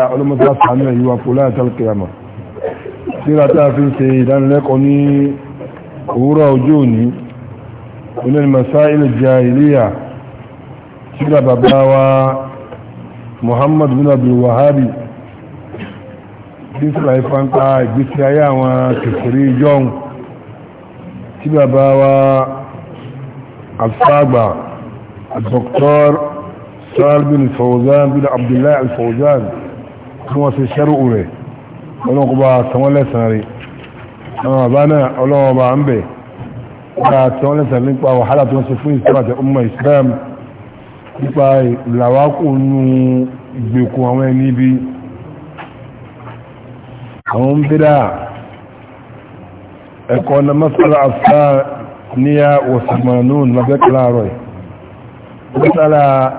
ọlọ́mọdé àtàánú ẹ̀yíwá fún láàtàlùkìyàmà síra tí a fi ń ṣe ìdánilẹ́kọ̀ọ́ ní òwúrọ̀ ọjọ́ òní onílẹ̀ masáìlì jahiliya síra bàbá wa Muhammad bin Abdul Wahabi bísílà ìfánpá ìgbésí ayé àwọn kèfèrí jọun tí bàbá wa alfagba Dr. Sal Fawzan bin Abdullahi al tí wọ́n ṣe ṣẹ́rù rẹ̀ ọlọ́kọba sanwọ́n lẹ́sàn rí àwọn àbá náà ọlọ́ọba ń bẹ̀ ọ̀rọ̀ sanwọ́n lẹ́sàn nípa wàhálà tó ń ṣe fún islam àti ọmọ islam nípa ìlàwákùnú ìgbèkùn àwọn ẹni bí àwọn bídá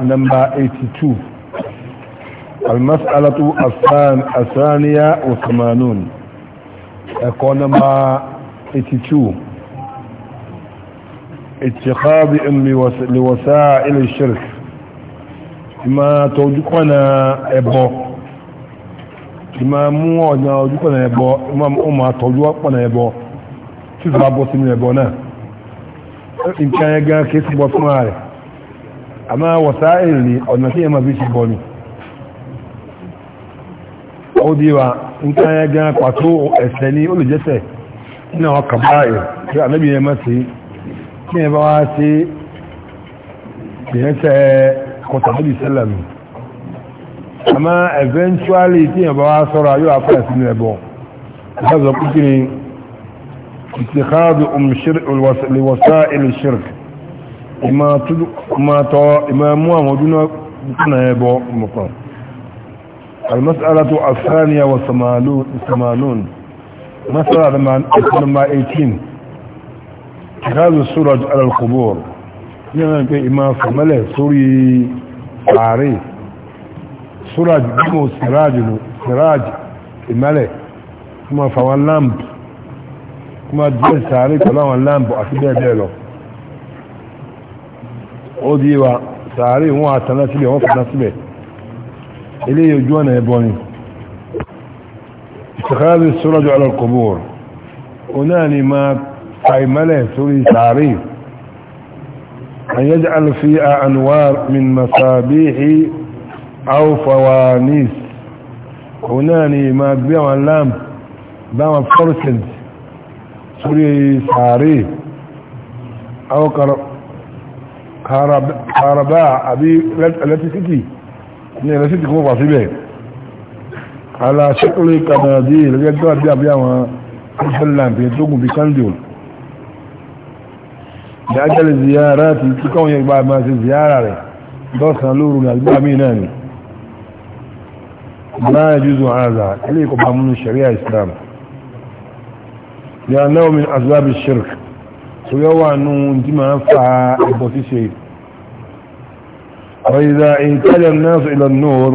82 المسألة الثانية وثمانون اكونما اتتو اتخاذ لوسائل الشرك ما توجقنا ابو ma mú ọ̀nà ojú pọ̀nà ẹbọ ma ó ma tọ́jú pọ̀nà ẹbọ tí ó bá bọ́ sínú ẹbọ náà nǹkan ẹgbẹ́ kìí bọ́ fún ààrẹ àmá wọ̀sáà èrè ọ̀nà tí ẹ ma ṣe bọ́ ni ó bí wa nǹkan ayẹ́ gan pàtó ẹ̀sẹ̀ ní olùjẹ́sẹ̀ ní àwọn kàbáyé tí ànábì yẹn máa sí kí ẹ bá wá sí ìyẹ́sẹ̀ kọtàbílì sẹ́lẹ̀mù àmá eventually tí ẹ bá wá sọ́rọ̀ ayọ́ afẹ́ sínú ẹbọ ìfẹ́sọ̀ kú kí ni ìtìkáàdù ìwọ̀sá ilẹ̀ shirk ìmọ̀ mú àwọn ọdún náà ẹbọ mọ̀kàn المسألة الثانية والثمانون مسألة لما 18 هذا السورة على القبور يعني في إمام فمله سوري عاري سورة بمو سراج سراج إماله كما فوان لامب كما جل ساري كلاوان لامب أكبر بيلو وديوا ساري هو أتنا سبيه هو أتنا سبيه إليه يجوانا يبوني اتخاذ السرج على القبور وناني ما له سوري تعريف أن يجعل فيها أنوار من مصابيح أو فوانيس وناني ما بيوان اللام باما فورسنت سوري تعريف أو كهرباء أبي التي تجي ní ẹ̀rẹ́ sí ti kó wà síbẹ̀ aláṣẹ́kùnrin kàdàdì ìrẹ́gẹ́ tó àbí àbí àwọn ìṣẹ́lẹ̀làǹtì tó gùn bí kandil dájẹ́lẹ̀ ziyara ti kíkọ́ yẹn gba àmà sí ziyara rẹ̀ lọ́sàn lóru ní àgbà mí náà ni máa jùzọ àzà ilé ìkọ̀ bá وإذا انتهى الناس إلى النور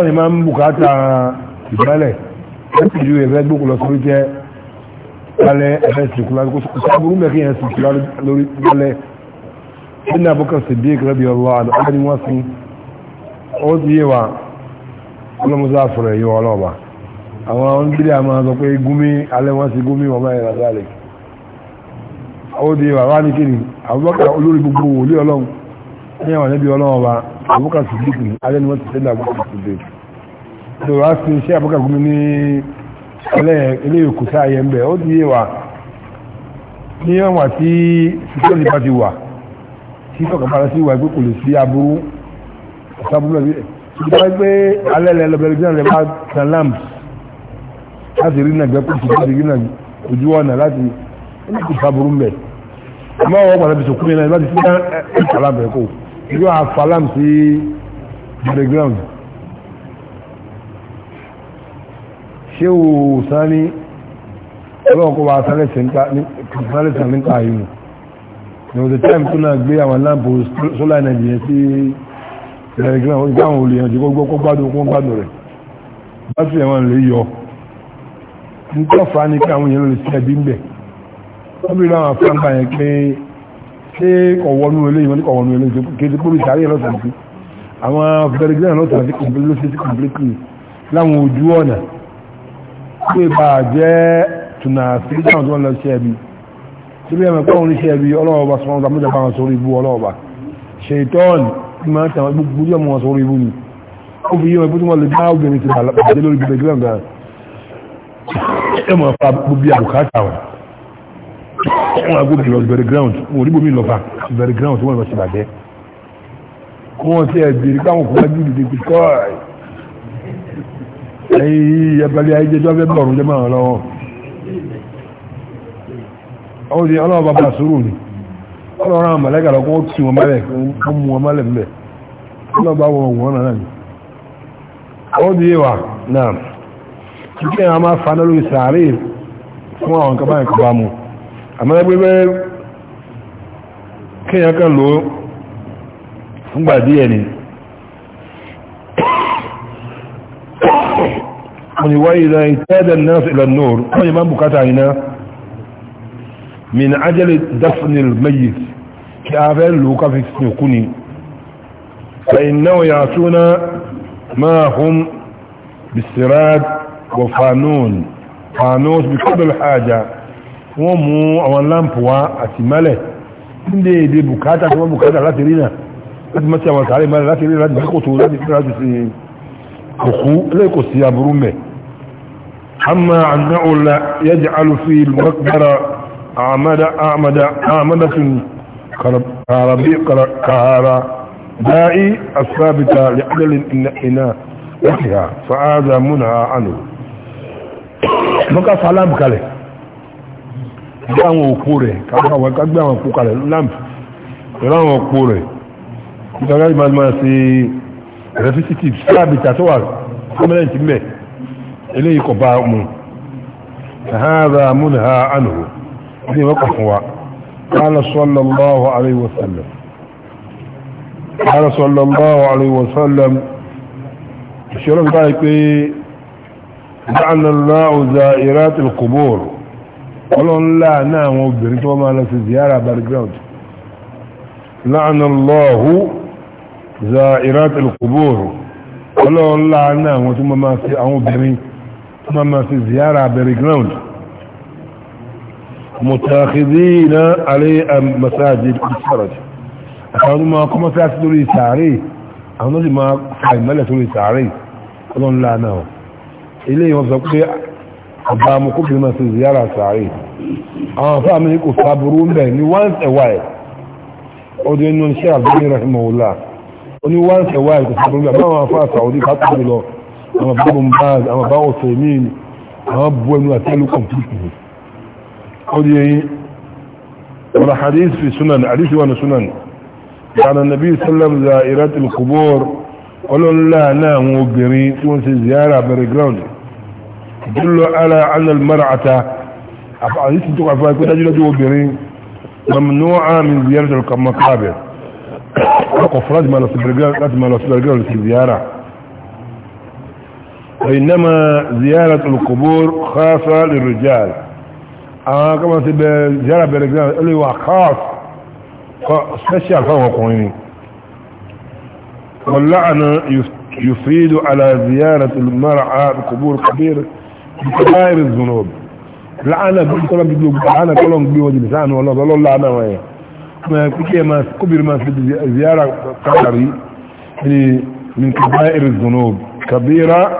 الإمام بكاتا ìbálẹ̀ láti ju ẹ̀fẹ́ gbókù lọ sórí jẹ́ lálẹ́ ẹ̀fẹ́ sìnkú lálẹ́ kó sáàbùrú mẹ́kí yẹn sìnkú lórí lálẹ́ nínú àbúkà sìdíkì rẹ̀bí ọlọ́ àdọ́kọ́ ni wọ́n sí ó ti yé wa ọlọ́mọsá fọ̀rọ̀ yìí ọlọ́ọ̀bà àwọn oníbílẹ̀ àmọ́ sọ pé gúnmí alẹ́ wọ́n sí gúnmí wọ́n máa yẹra sálẹ̀ ó ti yé wa wá ní kíni àbúkà olórí gbogbo wòlíọ̀lọ́run ní àwọn ẹbí ọlọ́wọ́ wa àbúkà sùdík ní alẹ́ ni wọ́n ti tẹ́lẹ̀ àbúkà sùdík tó wá sí iṣẹ́ àbúkà gúnmi ní ilé ìkù sáàyẹ ń bẹ̀ ó ti yé wa ní ọ̀wà tí sùkúrò nípa ti wà tí sọ̀kà sí wà pé sí aburú ọ̀sáburú ẹ̀ ṣùgbọ́n wọ́n You are the yóò àfàlàm sí background ṣéwò sani ọlọ́ọ̀kọ́ wa sálẹ̀sẹ̀ nípa ìlú ní ọdún time tó náà gbé àwọn lámpù solar energy sí background ìgbà àwọn olùyànjú gbogbo kó gbádùn kó gbádùn rẹ̀ láti ẹ̀wọ̀n lè yọ nítọ́fà ní kí àwọn èèyàn lè sí ẹbí ń bẹ̀ wọ́n bí láwọn afẹ́ ń bá yẹn pé ṣé kọ̀wọ́nú ilé ìwọ́n ní kọ̀wọ́nú ilé kéde kúrò ìsàrí ẹ̀lọ́sàn sí àwọn fẹ̀rẹ̀gẹ́rẹ̀ lọ́sàn sí completely completely láwọn ojú ọ̀nà pé bá jẹ́ tùnà sí dáhùn tó wọ́n lọ ṣẹ́ bí tí bí ẹ̀mẹ̀ pọ́n oníṣẹ́ bí ọlọ́ọ̀bà sọ́nà mọ́jà bá wọn sórí ibú ọlọ́ọ̀bà ṣètọ́ọ̀nì tí máa ń tẹ̀wọ́n gbogbo yọ̀ wọn sórí ibú ni ó fi yíwọ̀n wọ́n á gbóbi lọ bẹ̀rẹ̀ ground wọ́n rí bomi lọ́fà bẹ̀rẹ̀ ground wọ́n lọ sí bàjẹ́ kó wọ́n ti ẹ̀ bèrè káwọn kò wájú ìdè pé kọ́ ẹ̀yìn ẹ̀bẹ̀lẹ̀ ayé jẹjọ́ fẹ́ bọ̀rùn jẹ́ máa lọ́wọ́ ọ̀hún ni ọlọ́wọ́ bàbá sóró ni ọlọ́wọ́ àwọn mọ̀lẹ́gà lọ́kọ́ tí wọ́n mọ́lẹ̀ kọ́ mú wọn mọ́lẹ̀ mẹ́ ọlọ́wọ́ bá wọn wọ́n náà ni ọ̀hún ni wà náà kíkẹ́ àwọn máa fa náà lórí sàárè fún àwọn kaba ẹ̀kọ́ bá mu àmọ́gbẹ́gbẹ́ kíyàn kan ló fúngbà díẹ̀ ni wọ́n wá ìdá ìtẹ́dẹ̀ náà sí ìlànà òòrùn wọ́n yẹ máa bukata iná min ajẹ́lẹ̀ dafinil mayit kí a fẹ́ lò káfí sìnkú ni فإنه يعطون ما هم بالسراد وفانون فانوس بكل الحاجة wọ́n mú àwọn lámpù wá àti mẹ́lẹ̀ nílé èdè bùkátà tí wọ́n bùkátà láti rí náà láti mọ́ sí àwọn sàárè mẹ́lẹ̀ láti rí láti kò tó láti fi láti sí òkú lẹ́kọ̀ọ́ sí aburú mẹ́ amma annahu la yaj'alu fi al-maqbara amada amada amadatun karabi kahara da'i asabita li adal ina yahya fa hadha kalẹ̀ bí àwọn òpó rẹ̀ kágbé àwọn òpó kalẹ̀ lamp pẹ̀lú àwọn òpó rẹ̀ nítorí láti máa máa ṣe representative sáàbì tàtọ́ wà permanent mẹ́ eléyìí kọ̀ bá mú ṣàhárà múnà ánùrù ní ìwọ́kọ̀ fún wa قال صلى الله عليه وسلم قال صلى الله عليه وسلم الشرف قال يقول الله زائرات القبور ọlọ́nlá náà àwọn obìnrin tó máa lọ sí ziyara background la'anallahu za'irat al-qubur ọlọ́nlá náà àwọn tó máa sí àwọn obìnrin tó máa sí ziyara background mutakhidina alayha masajid al-faraj àwọn máa kọ́ mọ́sáàsì lórí sàárè àwọn tó sì máa fà ìmọ́lẹ̀ sórí sàárè ọlọ́nlá náà ilé ìwọ̀n sọ pé ọba amukú bí ma ṣe ziyara sàárè àwọn afẹ́ àmì kò sábúrú ń bẹ̀ ní once a while ọdún ẹnu ṣe àbúrú rahimahullah ó ní once a while kò sábúrú bẹ̀ àwọn afẹ́ àsàwọ́dí pàtàkì jùlọ àwọn bábùn báàz àwọn bá ọ̀sẹ̀ míìn àwọn bu ẹnu àti ẹlú kọ̀mpútù ọdún ẹyin wọn hadith fi sunan hadith wọn sunan yàrá nàbí دل على أن المرأة ممنوعة من زيارة المقابر وقفرات ما لسبرقال في الزيارة وإنما زيارة القبور خاصة للرجال آه كما زيارة برقال اللي هو خاص فسبشال فهو قويني واللعنة يفيد على زيارة المرأة بقبور كبيرة بكبائر الذنوب لعنة بكلام بيقولوا لعنة كلام بيقولوا لسان والله والله لعنة وهي ما كتير ما كبر ما في زيارة قبري يعني من كبائر الذنوب كبيرة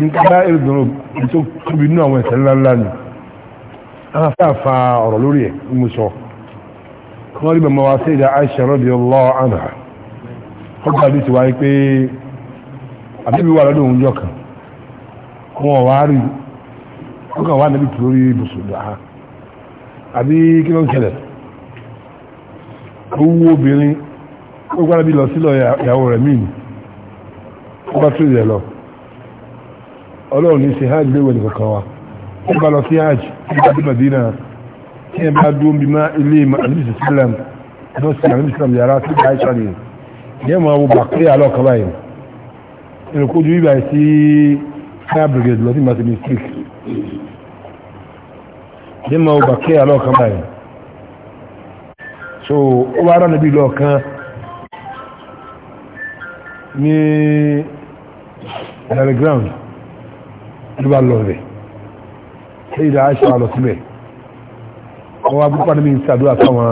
من كبائر الذنوب انتو كبيرنا ويسلل الله انا فافا رولوري مسو قريبا مواسيد عائشة رضي الله عنها قلت حديث وايك بي أبيبي وعلى دون جوكا هو واري ó kàn wá níbi torí ibùsùn dáhà àbí kí ló ń ṣẹlẹ̀ ó wú obìnrin ó gbára bí lọ sílọ ìyàwó rẹ̀ míì ni ó bá tún ilẹ̀ lọ ọlọ́run ní ṣe hajj léwẹ̀ nìkan kan wa ó bá lọ sí hajj ní ìgbàdí Madina tí ẹ bá dúró bí máa ilé àdébìsì sílẹ̀m lọ́sí àdébìsì sílẹ̀m yàrá sí àìsàn ni ìyẹn máa wo bàkúrẹ́ àlọ́ọ̀kan báyìí ìrìnkójú bíbáyìí sí fire brigade lọ sí mathematics nímọ̀ ọba kí ẹ lọ́ọ̀kan báyìí so ó wá rán níbi lọ́ọ̀kan ní ẹ̀rẹ̀ ground ló bá lọ rẹ̀ èyí dá aṣọ àlọ́ síbẹ̀ wọ́n wá gbọ́pàá níbi ìsàdúrà fáwọn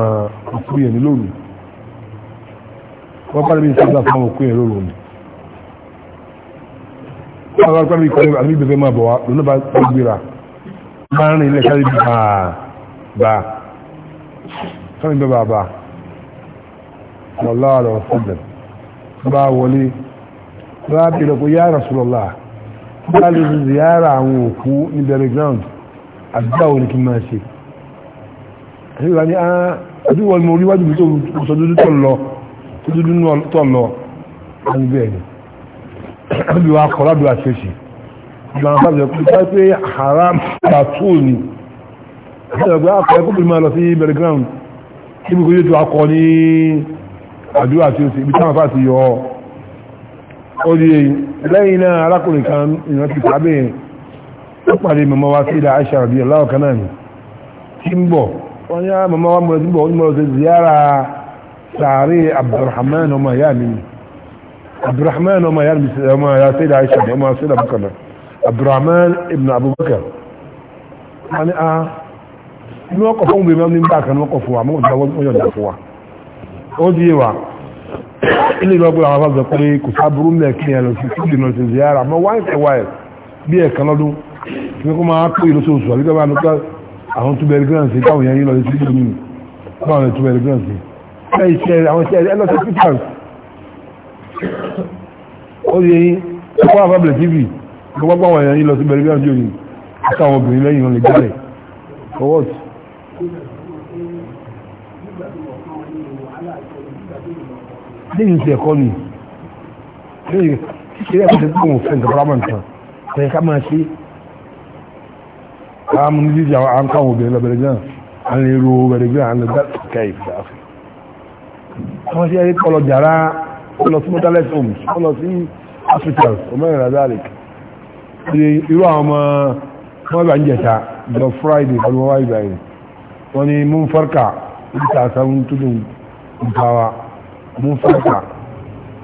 òkú yẹn ní lóru wọ́n pàdé níbi ìsàdúrà fáwọn òkú yẹn lóru ni wọ́n wá gbọ́pàá níbi ìkọ́lé àbí bẹ̀rẹ̀ máa bọ̀ wá lónà bá gbéra máa ń rìn ilẹ̀ sáré bí bàbà sáré bí bàbà sallallahu alaihi wasallam bá wọlé bá bèèrè kó yára Rasulullah bá lè fi ziyara àwọn òkú ní bẹ̀rẹ̀ ground àdúgbà òní kí máa ṣe àríwá ní ah, àdúgbò ní oríwájú bí tó sọ dúdú tó lọ ìgbàmọ́sáàbẹ̀ kú sáré pé haram tattoo ni ẹgbẹ́ akọ̀ ẹkùn bí máa lọ sí belgrade níbi kò yóò tó akọ ní àdúrà tí ó sì ibi táwọn fà ti yọ ó di lẹ́yìn náà arákùnrin kan ìran ti tàbí ó pàdé mọ̀mọ́ wa sí ilẹ̀ aṣà àbí ọláwọ̀ kan náà ni tí ń bọ̀ wọ́n ní ara mọ̀mọ́ wa mọ̀ sí bọ̀ ó sàárè abdulrahman ọmọ ìyá mi abdulrahman ọmọ ìyá mi ọmọ ìyá sí ilẹ̀ ọmọ sí bukana abdulrahman ibn abubakar wọ́n ní a ah, ní wọ́n kọ̀ fún obìnrin ní bá kan lọ́kọ̀ fún wa mọ́ ìgbà wọ́n yọ̀dà fún wa ó di wa ilé ìlọ́gbọ̀ àwọn afọ́sọ pé kò sábúrú mẹ́ kí ẹ lọ sí síbi lọ sí ziyara mọ́ wáyé fẹ́ wáyé bí ẹ̀ kan lọ́dún tí wọ́n máa kó ìlú sóòsù àbíkẹ́ bá nípa àwọn tó bẹ̀rẹ̀ gíràn sí káwọn yẹn yìí lọ sí síbi nínú báwọn tó bẹ̀rẹ̀ gíràn sí ẹ iṣẹ́ gbogbo àwọn èèyàn yìí lọ sí bẹ̀rẹ̀ bí àjò yìí àtàwọn obìnrin lẹ́yìn wọn lè jálẹ̀ ọwọ́ tí lẹ́yìn tí ẹ̀kọ́ ni lẹ́yìn kíkẹ́ ẹ̀kọ́ tí wọ́n fẹ́ nǹkan pàrámà nǹkan tẹ̀yẹ ká máa ṣe àmú ní jíjẹ àwọn àǹkàwọn obìnrin lọ bẹ̀rẹ̀ náà à ń lè ro bẹ̀rẹ̀ bí à ń lè gbà kẹ́ ìfẹ́ àfẹ́ wọ́n ṣe ẹ̀rí kọlọ jàrá kọlọ sí mọ́tálẹ́sì irú àwọn ọmọ wọn bá ń jẹta jọ friday pẹ̀lú wọn wáyé báyìí wọn ni mú fọ́rkà ní tààsán tó dùn ìpàwà mú fọ́rkà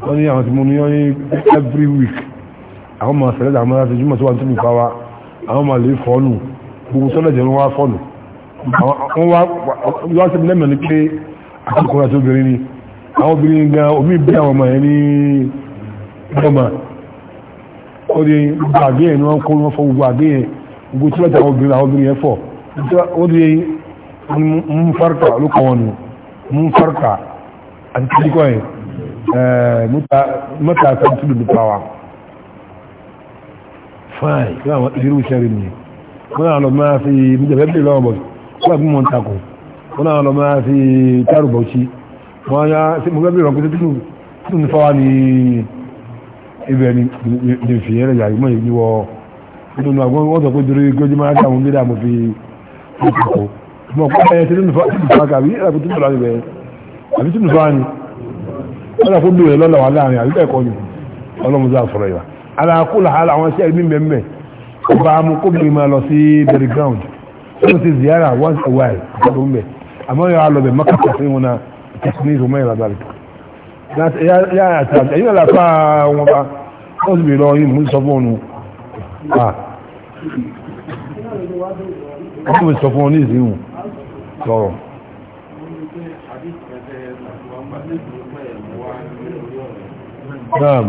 wọn ni àwọn tí mo ní wọn ní every week àwọn ọmọ sẹ̀lẹ̀ àwọn ọmọ jùmọ̀ tó wà tó dùn ìpàwà àwọn ọmọ lè fọ́nù gbogbo sọ́lẹ̀ jẹ́ wọn fọ́nù wọn wá wọ́n sẹ́mi lẹ́mọ̀ ní pé àkókò àti obìnrin ni àwọn obìnrin gan omi bí àwọn ọmọ yẹn ní ó di gbogbo àgbé yẹn ni wọ́n kó wọ́n fọ gbogbo àgbé yẹn gbogbo tí wọ́n ta àwọn obìnrin o de yẹn fọ̀ ó di mú farka ló kọ́ wọn nù mú farka àti tìlíkọ́ yẹn eh, mọ́ta àti tìlú pàwà fine kí wọ́n ìrírí iṣẹ́ rẹ̀ nìyẹn wọ́n náà lọ a fi ìjọba ẹ̀bí lọ́wọ́ bọ̀ wọ́n àbí mọ́ ń takò wọ́n náà lọ máa fi tárù bọ̀ sí wọ́n á yá mo fẹ́ bí ìrọ̀kú títún fọ́wá ni ibẹ̀ ni fi yẹ́rẹ̀ yàrá ìmọ̀ yìí wọ nínú àgbọn wọ́n sọ pé dúró gójú máa dá àwọn bídà mo fi kókò mọ̀ pé ẹyẹ tí nínú fa kàbí ẹ̀rọ tó tún lọ ibẹ̀ àbí tún fa ni wọ́n sọ pé dúró lọ́la wà láàrin àbí bẹ́ẹ̀ kọ́ ni ọlọ́mọdé àfọ̀rọ̀ yà alákùlà hàlà àwọn iṣẹ́ ìbí mẹ́mẹ́ ọba mu kó mi máa lọ sí bẹ̀rẹ̀ ground wọ́n ti ziyara once a while àbọ̀ mẹ́ àmọ́ yà á lọ bẹ̀ mọ́kàtà sí wọn náà tẹ̀sí ní ìrọ̀mọ́ ìrọ̀dàlẹ̀ ẹ̀yìn àlàfà wọn bá wọ́n sì bèèrè ọyìn mú sọfọ́nù ọdún mi sọfọ́nù ní ìsìnkú sọ̀rọ̀ náà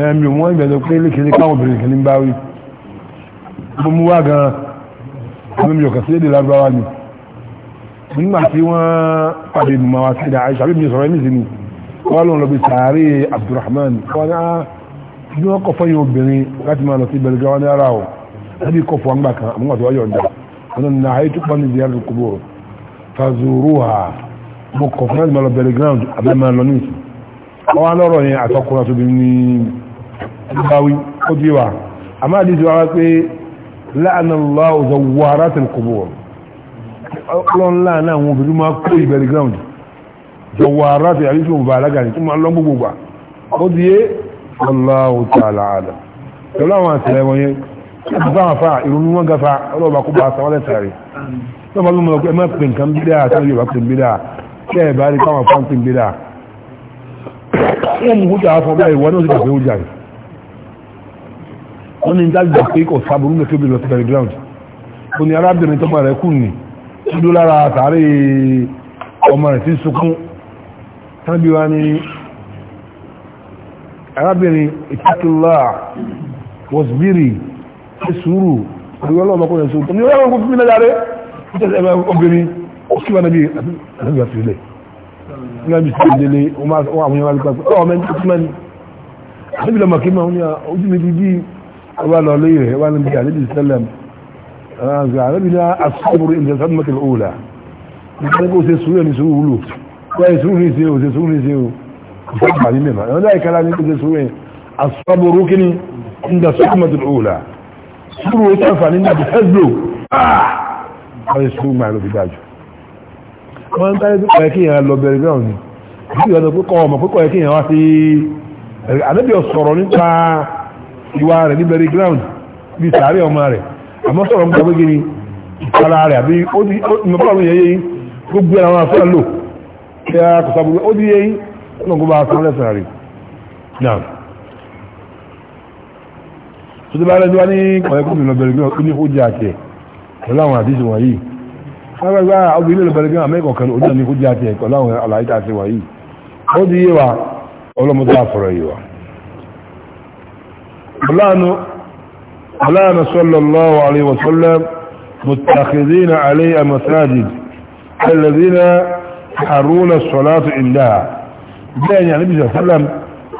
ẹ̀mí wọ́n ìbẹ̀lẹ̀ pé lékèlé káwọn obìnrin kìí bá rí mú wá gan-an àwọn mi ò kà sí èdè lágbára ni nígbà tí wọ́n pàdé mọ̀ wá sí ìdá àìṣà bí mi sọ̀rọ̀ ẹ̀mí sí ni wọ́n lọ́n lọ bí sàárè Abdulrahman wọ́n ní á ah, bí wọ́n kọ̀ fọ́yìn obìnrin láti máa lọ sí ìbẹ̀rẹ̀ gáwọn náírà o lábí kọ̀ fún àgbà kan àmúgbà tó wáyọ̀ ọ̀dà wọn ní àyè tó pọ́n ìdí àrùn kúbò fazuruha mo kọ̀ fún láti máa lọ bẹ̀rẹ̀ ground abẹ́ máa lọ níìsì wọ́n wá lọ́rọ̀ yẹn àtọkùnrin àtobìnrin ní báwí ó ti wà àmọ́ wa wá pé láàánà lọ́wọ́ zọwọ́rá tẹ̀lẹ̀kọ̀bọ̀ ọlọ́n láàánà àwọn obìnrin máa kó ìbẹ̀rẹ̀ ground zọwọ́rá tẹ̀ àríṣẹ́ òbá alága ní tó máa lọ́n gbogbo gbà ó di yé ọlọ́wọ́ tààlà àdà pẹ̀lú àwọn àtìlẹ́ wọn yẹn láti bá wọn fa ìrònú wọn gafa ọlọ́ọ̀bà kó bá a sanwó lẹ́tàrí lọ́wọ́ ló mọ̀ ẹ má pè nǹkan bí dáa sáré yorùbá wọ́n ní dájúgbà pé kò sábúrú lè tóbi lọ sí bẹ̀rẹ̀ ground ó ní arábìnrin tó mọ̀ rẹ̀ kù ní dúdú lára àtàrí ọmọ rẹ̀ tí sunkún tábí wá ní arábìnrin ìtàkìlá wọ́sbírì tí sùúrù ìwọ́lọ́ ọmọkùnrin sùúrù tó ní ọlọ́run kò fún mi náà jáde ó tẹ̀sẹ̀ ẹ̀mẹ́ obìnrin ó sì wá níbi àtàgbà sílẹ̀ nígbà bí sí ìdílé ọmọ wà lọ lóyè rẹ̀ wà ní bí alẹ́bí sẹ́lẹ̀m alẹ́bí ní asọ́bùrù ìjọ sọ́dúnmọ́tì òòlà nígbà kó ṣe sùúrù ní sùúrù wúlò wọ́n yẹ sùúrù ní ṣe o ṣe sùúrù ní ṣe o kò sọ́dún àní mẹ́ma ẹ̀rọ dáì kára ní kó ṣe sùúrù yẹn asọ́bùrù kíní ìjọ sọ́dúnmọ́tì òòlà sùúrù ó tẹ́fà ní níbi tẹ́sbùrù ah! wọ́n yẹ sùúrù máa lọ fi dájú wọ́n dáì kọ́ ẹ̀kí yẹn lọ bẹ̀rẹ̀ náà ni bí ìwádìí kọ́ ọmọ pé kọ́ ẹ̀kí yẹn wá sí àdébíọ̀ sọ̀rọ̀ nípa ìwà rẹ̀ ní berry ground bí sàárẹ̀ ọmọ rẹ̀ àmọ́ sọ̀rọ̀ ń gbàgbé gini ara rẹ̀ àbí ó ní mọ́pàlù yẹ yẹyìn gbogbo ẹ̀rọ àwọn afẹ́ lò kí a kò sábò ó ní yẹyìn ọ̀nà gbogbo àwọn lẹ́sàn rẹ̀ náà tó ti bá rẹ̀ níwá ní ọ̀yẹ́kùn mi lọ berry ground ní ó àti ẹ̀ pẹ̀lú àwọn àdíṣe wọ̀nyí lágbàgbà ah, obìnrin lọ berry فلان صلى الله عليه وسلم متخذين عليه مساجد الذين يحرون الصلاة عندها بين يعني النبي صلى الله عليه وسلم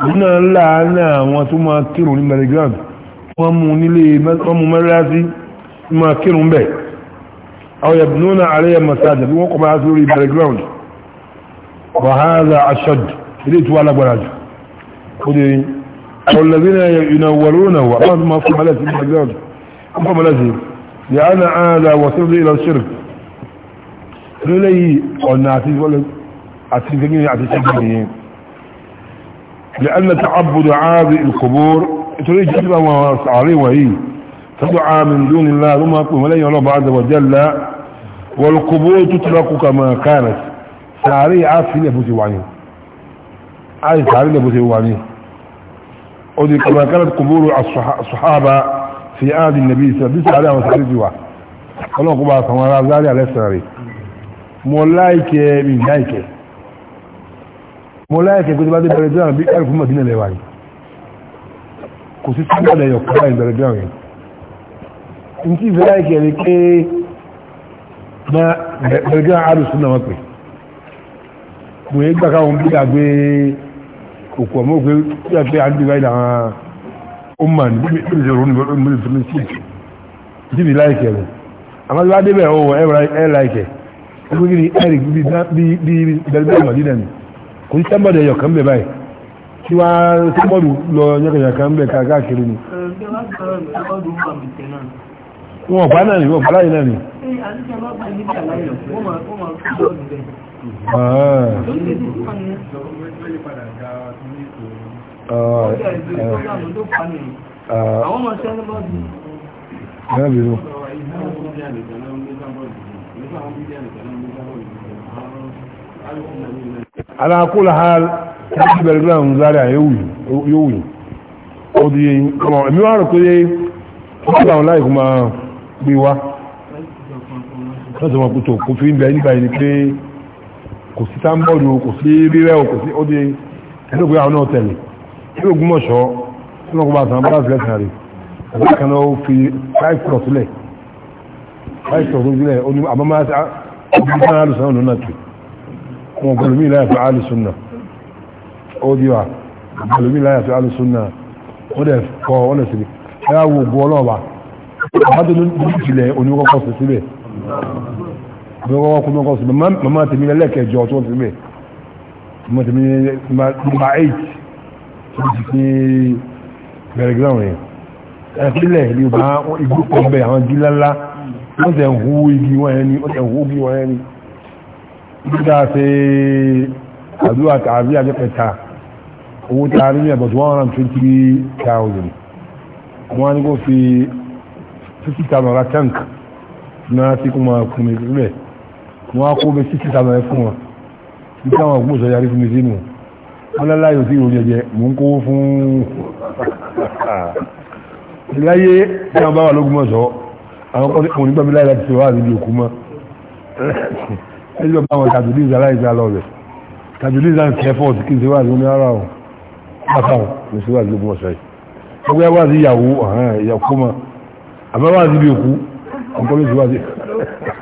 هنا لا أنا وثم كيروا وموني لي ومملاتي ما كيروا به أو يبنون عليه مساجد وقم عثروا لي بالجراوند وهذا أشد ليت ولا بلاج خذي والذين ينولونه وعاد ما فهم لازم حجاج فهم لازم لأن عادة وصلت إلى الشرك لأن تعبد عاد القبور تريد جدبا وصعري وهي تدعى من دون الله ثم أقوم إليه الله عز وجل والقبور تترك كما كانت سعري عاد في نفسي وعنيه عاد سعري نفسي وعنيه ودي كما كانت قبور الصحابة في عهد النبي صلى الله عليه وسلم ọlọ́run kó bá a sàwọn ará zárí àlẹ́sàn rẹ̀ mo láìkẹ́ mi láìkẹ́ mo láìkẹ́ pé tí bá dé bẹ̀rẹ̀ dáhùn bí káàkiri fún mọ̀dínà lẹ́wà yìí kò sí sílẹ̀ ẹ̀yọ̀ kọ́ na bẹ̀rẹ̀ dáhùn àdùsùn náà wọ́n pè mo yẹ òkú ọmọ òkú yà pé àdúgbò báyìí làwọn ọmọ ní bí mi sọ̀rọ̀ ní ọdún mi sọ̀rọ̀ sí ìdí mi láìkẹ̀ rẹ̀ àmọ́ tí wọ́n á débẹ̀ ọ ẹ láìkẹ̀ ó gbé ní ẹ̀rì bí bẹ́ẹ̀ màdínà ni kò sí sábàdì ẹ̀yọ̀ kan bẹ̀ báyìí tí wọ́n lọ yàkàyà kan bẹ̀ káàkiri ni. wọ́n ọ̀pá náà ni wọ́n ọ̀pá láyé náà ni ala kula hal tàbí bẹ̀rẹ̀ gbọ́nà ń záré yóò wù ó di ọmọ ẹ̀mí wà rò pé ó gbà wọn láì kó máa gbé wá lọ́sọ̀mọ̀ kò tó kò fi ń bẹ nígbà yìí pé kò sí tábọ́ọ̀lù kò sí rírẹ́ kò sí ó di ẹlòpé àwọn náà tẹ̀lé kí ló gúnmọ̀ ṣọ́ tí wọ́n kó bá sàn bá sílẹ̀ sàn rè àbúrò kan náà fi five plus sílẹ̀ five plus sílẹ̀ ó ní àbámá ọdún sàn alùsàn lónà tù wọn gbọ́dọ̀ mí láyà fún alùsùn náà ó di wa gbọ́dọ̀ mí láyà fún alùsùn náà ó dẹ̀ kọ́ ó dẹ̀ sílẹ̀ ẹ yà wò gbọ́ ọlọ́ọ̀bà lọ́wọ́ kún lọ́kọ́ sí mama tèmi lẹ́lẹ́kẹjọ tó ń tèmi mama tèmi nọmba eight tó ti fi bẹ̀rẹ̀ gíláwọ̀n yẹn ẹ̀fílẹ̀ ní ọba igbó kan bẹ̀ àwọn igi lálá wọ́n tẹ̀ ń hú igi wọn yẹn ni wọ́n tẹ̀ ń hú igi wọn yẹn ni nígbà ṣe àdúrà tàbí àjẹpẹta owó tá a rí ní about one hundred and twenty thousand wọ́n á ní kó fi fifty thousand ra tank náà sí kó máa kún mi sílẹ̀ wọ́n á kó bẹ títí sábà ẹ fún wọn ní káwọn òkú sọ yarí fún mi sínú wọn láláyò sí ìròyìn ẹ̀jẹ̀ mò ń kówó fún láyé tí wọn bá wà lógún ọ̀sọ́ àwọn kan kò ní gbàmí láyé láti ṣe wá àdúgbò òkú mọ́ ẹjọ́ bá wọn tàbílì ìzà láì ìzà lọ rẹ̀ tàbílì ìzà ń kẹ́ fọ́ọ̀tì kí n ṣe wá àdúgbò ara ọ̀ bàbá ọ̀ ní ṣe wá àdúgbò ọ̀sọ́ yìí ọgbẹ́ wá mọ́ àbáwá àdúgbò òkú ọ̀pọ̀lọpọ̀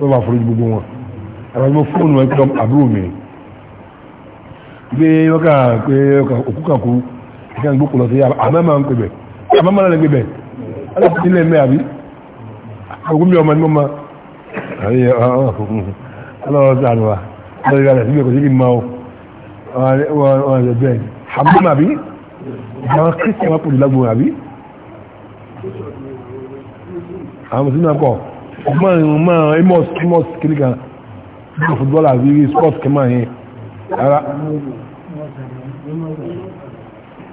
wọ́n bá forí gbogbo wọn àwọn ọmọ fóònù wọn kọ́ àbúrò mi gbé wọ́kà pé òkú kàkú ìkà ń gbókùn lọ sí àmàmà ń pèbẹ̀ àmàmà náà ń pèbẹ̀ aláàbò sílẹ̀ mẹ́ àbí àgùn mi ọmọ ní mọ́mọ́ àbí ọlọ́run sàánù wa lọ́rọ̀ ìrìn àti ìgbẹ̀kọ̀ sí kí n máa wọ́n rẹ̀ bẹ́ẹ̀ àbúrò àbí àwọn kírísítẹ̀ wọn pòlù lágbo àbí àwọn mùsùlùmí náà kọ̀ ọmọ ìrùn máa amos amos kìlìkan bí fútbọ́lá àbí sport kẹmà yẹn ara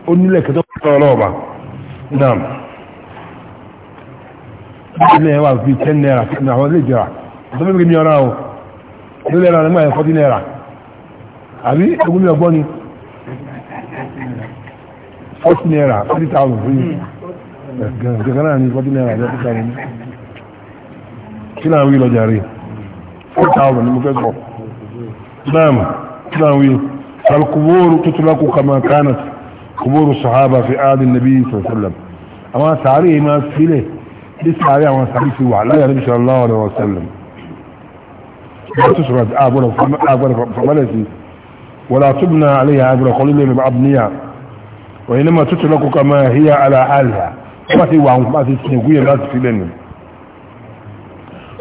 ó nílẹ̀ kẹtọ́ pẹ̀lú ọlọ́ọ̀bà náà ilẹ̀ wà bí 10 naira fún àwọn ilé ìjọra ọ̀tọ́ mẹ́bí ní ọ̀rá o ní ilẹ̀ ìrànlẹ́gbà ẹ̀ 40 naira àbí ogun ní ọgbọ́n ni 40 naira 40,000 fún yìí gẹ̀gẹ̀ náà ni 40 naira 40,000 كلا ويلا جارين فتعوذ المجزم نعم كلا ويلا فالقبور تتلق كما كانت قبور الصحابة في آل النبي صلى الله عليه وسلم أما سعريه ما سفله ليس عليه أما سعريه سوى لا يا نبي صلى الله عليه وسلم لا تسرد آبولا فملسي ولا تبنى عليها آبولا خليل من أبنية وإنما تتلق كما هي على حالها ما سوى عنه ما سوى عنه ما سوى عنه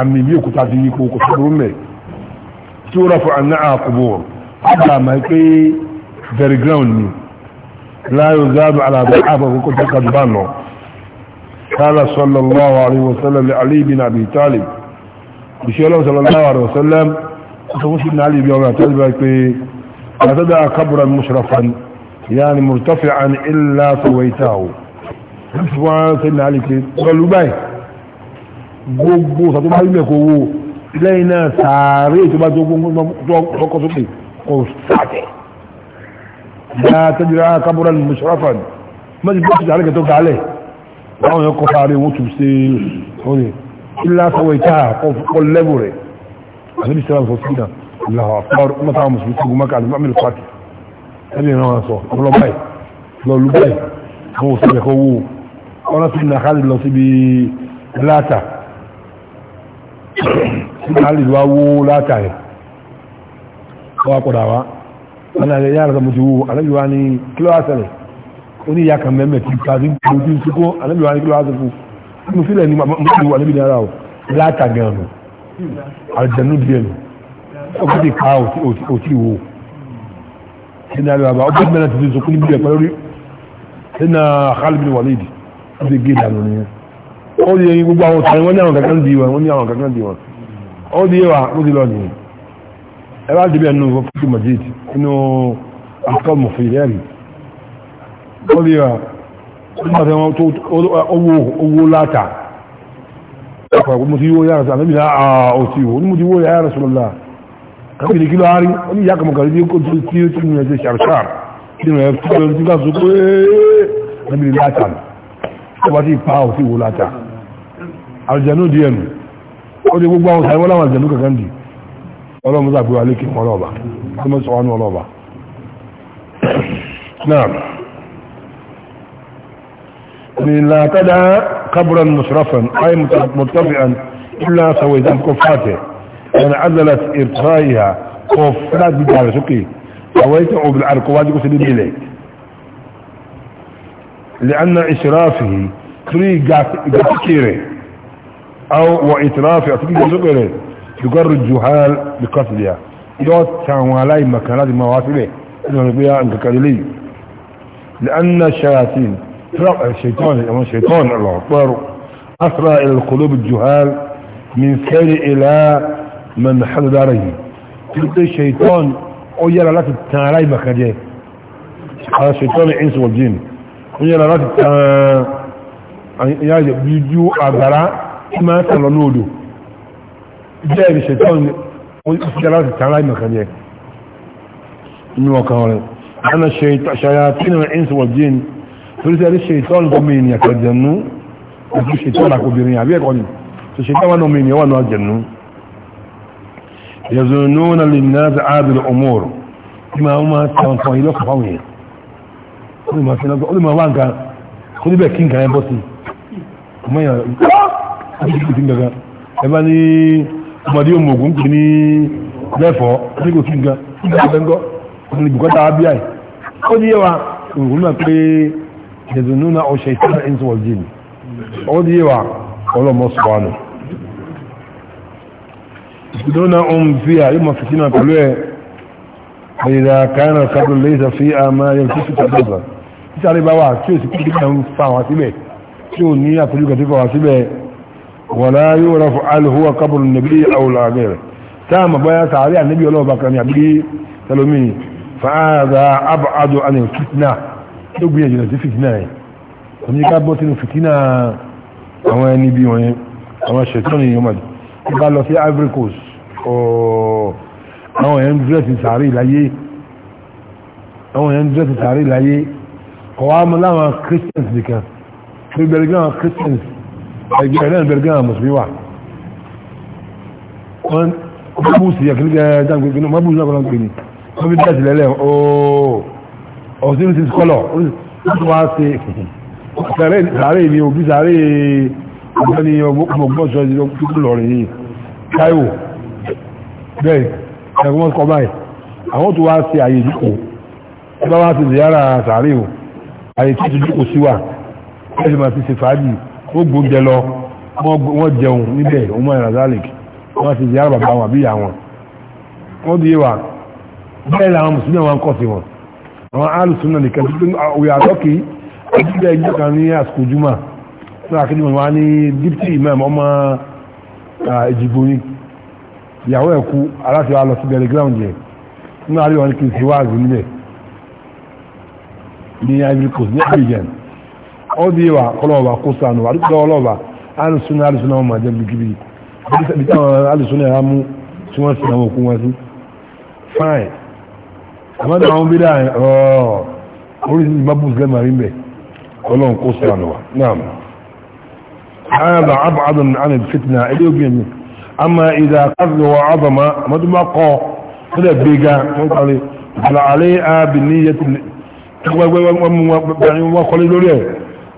àmì bí òkúta ti yípo kò sọ́bùrú mẹ́ tí ó rọ́fọ́ àná àkùbọ̀ ọba àmà pé very ground ni láyò záàbù aláàbò àbàkù kò tó kàdù bá nọ kálà sallallahu alaihi wasallam lè alì bin abi talib ìṣẹ́ ọlọ́run sallallahu alaihi wasallam kò tó fún alì bí ọmọ yani murtafi'an illa sawaitahu wọ́n sẹ́yìn alì pé pẹ̀lú gbogbo sọ tó bá rí mẹ́kọ̀ owó lẹ́yìn náà sàárè tó bá tó kọ́ sókè kò sàtẹ̀ ya tẹ́jìrá kábúrà ní mushrafan mẹ́jì bá ti sàárè kẹtọ́ gálẹ̀ láwọn yẹn kọ́ sàárè wọ́n tún ṣe orí ilá sọ́wọ́ ìta kọ́ lẹ́bù rẹ̀ àti sẹ́wọ̀n sọ sídà lọ́wọ́ mọ́ta musulmi ti gúnmọ́ kàlùmọ́ mi lùfàtì ẹni ìran wọn sọ ọlọ́bàì lọ́lùbàì àwọn òṣèlú ẹ̀kọ́ owó ọlọ́sìn nàkàlì lọ síbi láta alì wá wó látàrí wá kọ̀dà wá wọ́n àrẹ yára mú ti wó alẹ́bíwá ní kílọ́wàsẹ̀lẹ̀ ó ní ìyá kan mẹ́mẹ́ tí ká sí ojú ìsúkó alẹ́bíwá ní kílọ́wàsẹ̀ fún mú sílẹ̀ ní mọ́tò alẹ́bí dára o látàrí ọ̀nà àjẹnú díẹ̀ nù ọkọ̀ ti ká ò tí wó sínú alẹ́ bàbá ọkọ̀ mẹ́rin ti sọkún níbi ẹ̀pẹ́ lórí sínú Khalid bin Walid ó ti gé ìdànù nìyẹn ó di eyín gbogbo àwọn òtàrí wọ́n ní àwọn kankan di wọn wọ́n ní àwọn kankan di wọn ó di ewa ó di lọ nìyí ẹ bá dìbẹ̀ nù fọ́tí majid inú akọ́ mọ̀fì rẹ́rì ó di ewa ó ní àti wọn tó owó owó láta ọkọ̀ mo ti wó yára sí àmì ìlà ó ti wó mo ti wó yára sí lọ́la kàbí ní kíló árí ó ní ìyá kan mọ̀kàrí tí ó ti tí ó ti mú ẹsẹ̀ ṣàrṣàr tí ó ti ká sọ pé ẹ̀ẹ́dẹ́gbẹ̀rẹ̀ láta ó bá ti pa ó ti wó láta aljanu díẹ̀ nù ó di gbogbo àwọn sàrẹ́wọ́n láwọn aljanu kankan dì ọlọ́run mọ́sá gbé wa lékè wọn lọ́ọ̀bà tó mọ́ sọ̀rọ̀ wọn lọ́ọ̀bà náà ni la tada kabran musrafan ay mutafi'an illa sawaitan ko fate yana azalat irtaiha ko fada bi dare suke sawaita bil arqawaji ko sidin ilay لأن إشرافه تري قاتكيره أو وإتلافها تكون زبرة يقر الجهال بقتلها ولاي مكان هذه المواسلة إنه نبيها انت كاليلي لأن الشياطين الشيطان أما شيطان الله أكبر أسرى إلى القلوب الجهال من سير إلى من حل داره تلك الشيطان او يلا لا تتعالي مكانات هذا الشيطان الإنس والجن يلا لا تتعالي يجب يجو أبرا tí máa sàn lọ lóòdò jẹ́ ìrìṣẹ̀ tó ń ṣe láti tààrà ìmọ̀kan yẹ inú ọkàn rẹ̀ ana ṣayatínà ẹ̀ǹsì wọ̀ jíìn torí sí ẹ̀rí ṣètọ́nù tó mi ènìyàn kan jẹ̀nú ojú ṣètọ́nù àkóbìnrin àbí ẹ̀kọ́ ni tó ṣètọ́nù wọn mi ènìyàn wà náà jẹ̀nú yazununa linnas abil umur ima ma tan kan àtìkìtì gangan ẹ bá ní ọmọdé òmùgún kì ní lẹ́fọ̀ọ́ àtìkìtì gangan nígbà bẹ́ńgọ́ ọmọdé bùkọ́ tá a bí àì ó ní yẹwa òmùgún náà pé ìdẹ̀dùn nínú ọ̀ṣẹ̀ ìtura ẹ̀ ń sọ̀rọ̀ jìn ó ní yẹwa ọlọ́mọ sọ̀rọ̀ àná ìdọ́nà òun fi àyè mọ̀ fìtínà pẹ̀lú ẹ̀ فإذا كان القبر ليس فيها ما يلتفت النظر nítorí bá wà tí ó sì kí ní ẹ̀rùn fa wá síbẹ̀ tí ó ní àtúrú kẹtíkọ̀ wá síbẹ̀ ولا يعرف هل هو قبر النبي او لا غيره تام بيا تعالي عن النبي الله بكر يبلي سلمي فهذا ابعد عن الفتنه يبي يجي الفتنه ni ká bọ́ sínú fìtínà àwọn ẹni bí wọ́n àwọn ṣẹ̀tọ́nì yọmọ̀dì tí bá lọ sí Ivory Coast àwọn ẹ̀yẹn dírẹ́sì sàárì láyé àwọn ẹ̀yẹn dírẹ́sì sàárì láyé ọwọ́ amọ́ láwọn Christians nìkan tó bẹ̀rẹ̀ gbé àwọn Christians ẹgbẹ́ náà bẹ̀rẹ̀ gánà mùsùlùmí wà wọ́n búùsì yẹ kílíkẹ́ jáǹgbé náà wọ́n búùsì náà kọ́nà gbìyànjú wọ́n fi dájì lẹ́lẹ̀ ooo ọ̀sìn ní ti kọ́lọ̀ wọ́n ti wá ṣe sàárè ní òbí sàárè ọ̀gbẹ́ni ọgbọ́n sọ ẹni tó lọ́rin yìí Táíwò bẹ́ẹ̀ ẹgbọ́n kọ báyìí àwọn tó wá ṣe àyè ìdíkò ẹgbẹ́ wá ṣe ziyara sàárè o àyè tó ti dúkò síwà ẹ̀ṣẹ̀ máa fi ṣe fàájì wọ́n gbóúnjẹ lọ wọ́n jẹun níbẹ̀ wọ́n mọ̀ ìrànlálẹ̀kì wọ́n ti yára bàbá wọn àbíyà wọn wọ́n di wa bẹ́ẹ̀ làwọn mùsùlùmí àwọn kọ̀ sí wọn àwọn alùsùn náà nìkan tó wí àtọ́kì ìdílé ẹjọ́ kan ní àsìkò jùmọ̀ tó àkíní wọn wá ní dípítì imam ọmọ ìjìbò ni ìyàwó ẹ̀ kú aláṣẹ wa lọ sí bẹ̀rẹ̀ ground yẹn nínú àríwá ní kìí ṣe wáàzù níbẹ̀ ní ivory coast ní abidjan ọdí wa kọlọ́ọ̀bà kó sànù àdúgbò ọlọ́ọ̀bà alùsùnà alùsùnà ọmọ àjẹ́ gbígbí bí táwọn alùsùnà yà tí sì wọn sí fine àwọn bí dáa orí bùsùlẹ̀ màrí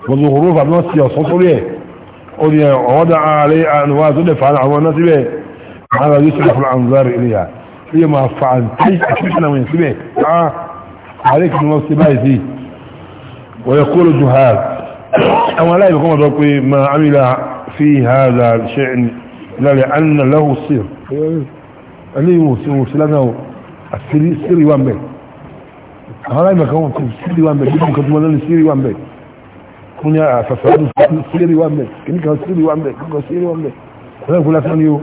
والظهروف عبد الناس يصوتوا ليه قل وضع عليه أنواع تدفع عن عوان الناس به هذا يسرح الأنظار إليها هي ما فعلتيش أكمشنا من سبه آه عليك من الوصباء دي ويقول الجهاد أما لا يكون ربي ما عمل في هذا الشيء لا لأن له السر اللي يمسلمه السري السري وان بي هذا ما كان السري وان بي يمكن تقول السري وان بي fún yà àfàfàdù sílẹ̀rì wà mẹ́ kìíní kan sílẹ̀rì wà mẹ́ kìíní kan sílẹ̀rì wà mẹ́ ọ̀rẹ́ ìfúnlá sọ ni ó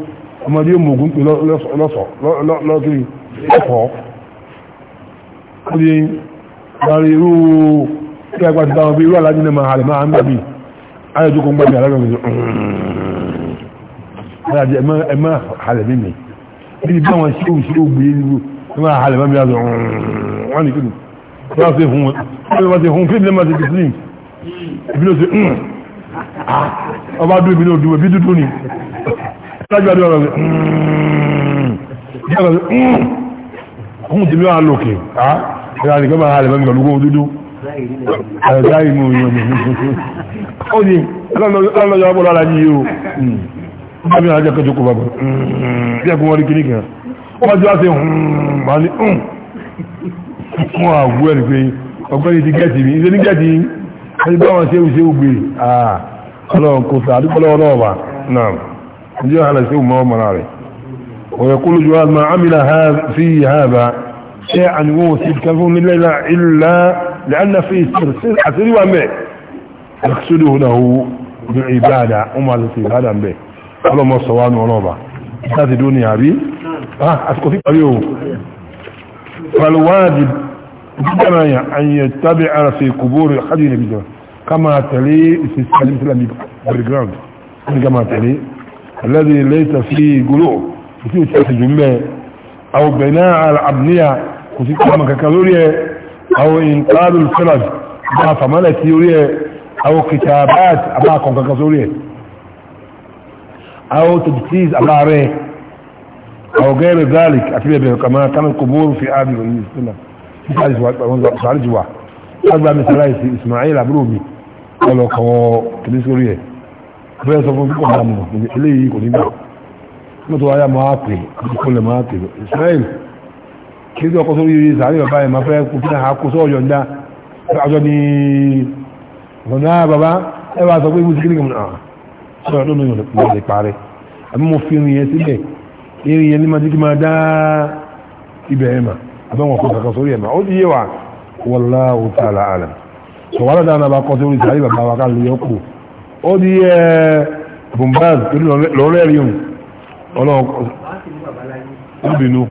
ọmọdé yóò mọ̀gún pé lọ́sọ̀ lọ́kiri ọ̀fọ́ ó ni kí ni wọ́n á fi hun fíìmù lẹ́mọ̀ ti ti ibi ló ṣe hmm. ah, ọba dún ibi ló dún ibi dúdú ni ṣáájú àdúrà rẹ̀ ṣe ọ̀hún ti lọ́wọ́ àlòkè ẹ̀rọ àdìgbẹ́ máa rẹ̀ mẹ́rin ọ̀lúgbọ́n dúdú ẹ̀rọ ìmú ìyọ̀nù ó ní alọ́lọ́yọ̀ ọgbọ́n lára yìí o ọba hmm. mi àjẹ́ kẹjọ kò bàbá bí ẹkùn wọn rí kiri kan ọba jọ àti hùn fún àwọ̀ ẹ̀rì pé ọgbẹ́ni ti gẹ̀ẹ́sì mi ìṣẹ́ ní gẹ̀ẹ́sì yìí ẹni bá wọn ṣe é ṣe ògbè ọlọ́run kò sọ àdúgbò lọ́wọ́ náà wà náà ní ọ̀hánà sí ọmọ ọmọ rẹ̀ ọ̀rẹ́ kó lójú wa máa amìlà fi hàbà ṣe àníwò sí kẹfún nílẹ̀ ilá lẹ́nà fi àṣírí wa mẹ́ ẹ̀kṣọ́dọ̀ náà bí ìbáàdà ọmọ àti ìbáàdà mẹ́ ọlọ́mọ sọ wa nù جدنا يعني أن يتبع في قبور حد النبي كما تلي في السلام الإسلامي بالجراوند كما تلي الذي ليس فيه قلوب في سياسة جملة أو بناء على في وفي كما كالوريا أو إنقاذ الفلج ما فمالة يوريا أو كتابات أباكم كالوريا أو تجسيز أبا أو غير ذلك أتبع كما كان القبور في آدم عليه السلام sàárìjì wà agbá mi sàárà Ismail àbúrò mi ọlọ kọwọ kìlí sórí ẹ bẹ́ẹ̀ sọ fún kíkọ máa mọ eléyìí kò ní gbà wọn tó wáyà máa pè kó lè máa pè Ismail kìí sọ ọkọ sórí sàárì bàbá yẹn máa fẹ́ kó fi náà kó sọ ọjọ́ ńdá àjọ ní ọ̀nà bàbá ẹ bá sọ ma ah, dí máa àbẹ́wọn kò kankan sórí ẹ̀mà ó ti yé wa wallahu ta'ala alam sọ̀wọ́lá dáná bá kọ́ sórí ìtàrí bàbá wa ká lè yọ kù ó di ẹ bombaz lọ́rẹ́rìún ọlọ́run ó bínú